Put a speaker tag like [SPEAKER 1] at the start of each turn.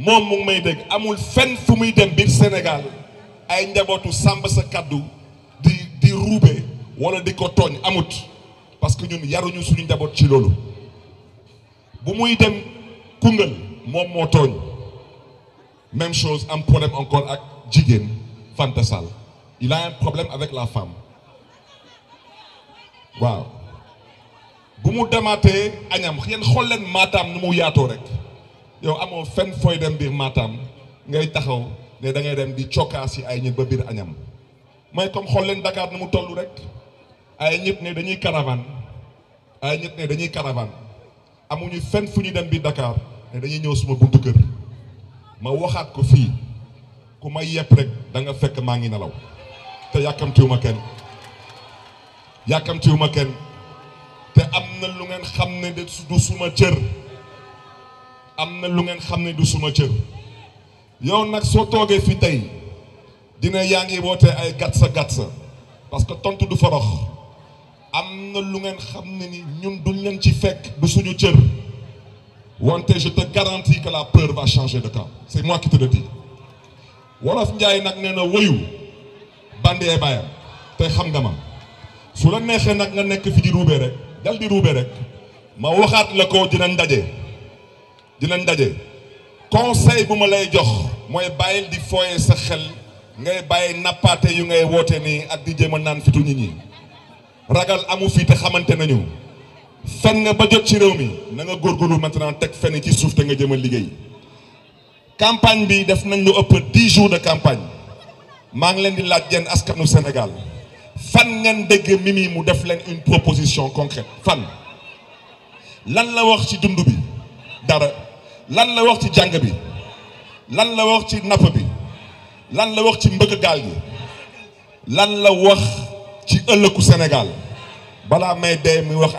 [SPEAKER 1] moom mu may dégg amul fenn fu muy dem biir Sénégal ay njabootu sàmb sa kàddu di di ruube wala di ko tooñ amut parce que ñun yaruñu suñu njaboot ci loolu bu muy dem Koungheul moom moo tooñ même chose am problème encore ak jigéen fante Sall il a un problème avec la femme waaw bu mu demaatee añam yéen xool leen maataam nu mu yaatoo rek yow amoo fenn fooy dem biir Matam ngay taxaw ne da ngay dem di cokkaas yi ay ñit ba biir añam may comme xool leen Dakar nu mu toll rek ay ñit ne dañuy caravane ay ñit ne dañuy caravane amuñu fenn fu ñu dem bi Dakar ne dañuy ñëw suma buntu kër ma waxaat ko fii ku may yepp rek danga fekk maa ngi nelaw te yàkkamtiwuma kenn yàkkamtiwuma kenn te am na lu ngeen xam ne du suma cër am na lu ngeen xam ne du suma cër yow nag soo toogee fi tey dina yaa ngi woote ay gatsa gatsa parce que tontu du forox am na lu ngeen xam ne ni ñun duñ leen ci fekk du suñu cër wante je te garantis que la peur va changer de camp c'est moi qui te le wolof njaay nag nee na woyu bandee bàyyam te xam nga ma su la neexee nag nga nekk fi di ruubee rek dal di ruubee rek ma waxaat la ko dinañ daje. dinañ daje conseil bu ma lay jox mooy bàyyil di fooye sa xel ngay bàyyi nappaate yu ngay woote nii ak di jéem a naan fitu nit ñi ragal amu fii te xamante nañu fen nga ba jot ci réew mi na nga góorgóorlu maintenant teg fen ci suuf te nga jëm a liggéey campagne bi def nañ lu ëpp dix jours de campagne maa ngi leen di laaj yéen askanu senegal fan ngeen dégg Mimi mu def leen une proposition concrète fan lan la wax ci dund bi dara. lan la wax ci jàng bi lan la wax ci napp bi lan la wax ci mbëkk gaal gi lan la wax ci ëllëgu Sénégal balaa may dee muy wax